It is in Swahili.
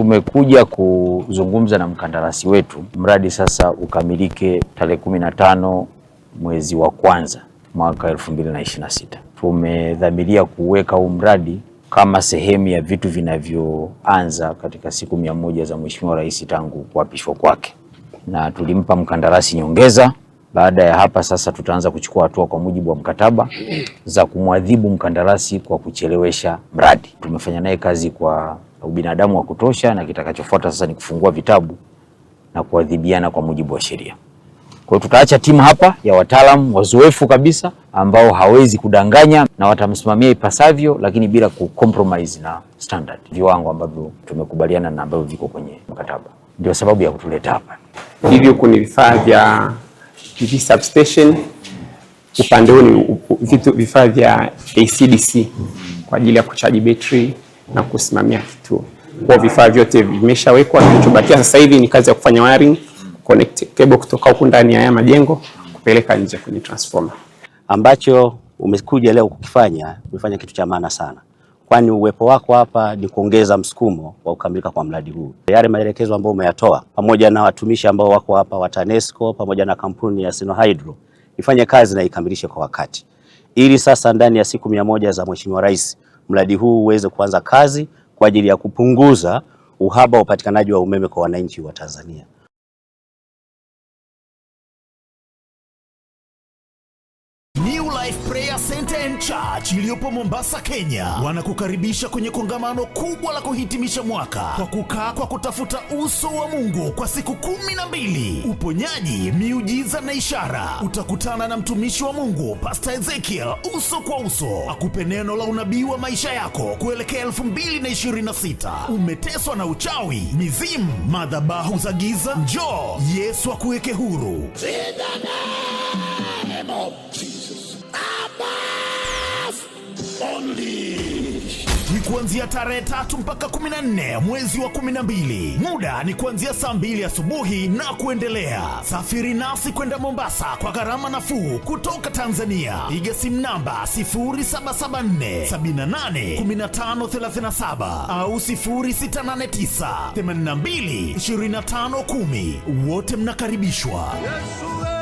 Tumekuja kuzungumza na mkandarasi wetu, mradi sasa ukamilike tarehe kumi na tano mwezi wa kwanza mwaka sita. Tumedhamiria kuweka huu mradi kama sehemu ya vitu vinavyoanza katika siku mia moja za Mheshimiwa Rais tangu kuapishwa kwake, na tulimpa mkandarasi nyongeza. Baada ya hapa sasa, tutaanza kuchukua hatua kwa mujibu wa mkataba za kumwadhibu mkandarasi kwa kuchelewesha mradi. Tumefanya naye kazi kwa ubinadamu wa kutosha, na kitakachofuata sasa ni kufungua vitabu na kuadhibiana kwa mujibu wa sheria. Kwa hiyo tutaacha timu hapa ya wataalamu wazoefu kabisa ambao hawezi kudanganya na watamsimamia ipasavyo, lakini bila kucompromise na standard, viwango ambavyo tumekubaliana na ambavyo viko kwenye mkataba. Ndio sababu ya kutuleta hapa. Hivyo kuna vifaa vya TV substation upande huu, ni vifaa vya ACDC kwa ajili ya kuchaji betri na kusimamia kituo. Kwa vifaa vyote vimeshawekwa, kilichobakia sasa hivi ni kazi ya kufanya wiring, connect cable kutoka huku ndani ya haya majengo kupeleka nje kwenye transformer. Ambacho umekuja leo kukifanya, umefanya kitu cha maana sana, kwani uwepo wako hapa ni kuongeza msukumo wa kukamilika kwa mradi huu. Yale maelekezo ambayo umeyatoa pamoja na watumishi ambao wako hapa wa TANESCO pamoja na kampuni ya Sinohydro ifanye kazi na ikamilishe kwa wakati, ili sasa ndani ya siku mia moja za Mheshimiwa Rais mradi huu uweze kuanza kazi kwa ajili ya kupunguza uhaba wa upatikanaji wa umeme kwa wananchi wa Tanzania. Life Prayer Center and Church iliyopo Mombasa, Kenya, wanakukaribisha kwenye kongamano kubwa la kuhitimisha mwaka kwa kukaa kwa kutafuta uso wa Mungu kwa siku kumi na mbili, uponyaji, miujiza na ishara. Utakutana na mtumishi wa Mungu Pastor Ezekiel uso kwa uso, akupe neno la unabii wa maisha yako kuelekea sita Umeteswa na uchawi, mizimu, madhabahu za giza? Njoo Yesu akuweke huru. ni kuanzia tarehe tatu mpaka 14 mwezi wa 12. Muda ni kuanzia saa mbili asubuhi na kuendelea. Safiri nasi kwenda Mombasa kwa gharama nafuu kutoka Tanzania. Piga simu namba 0774 au 0689 Wote mnakaribishwa Yesu.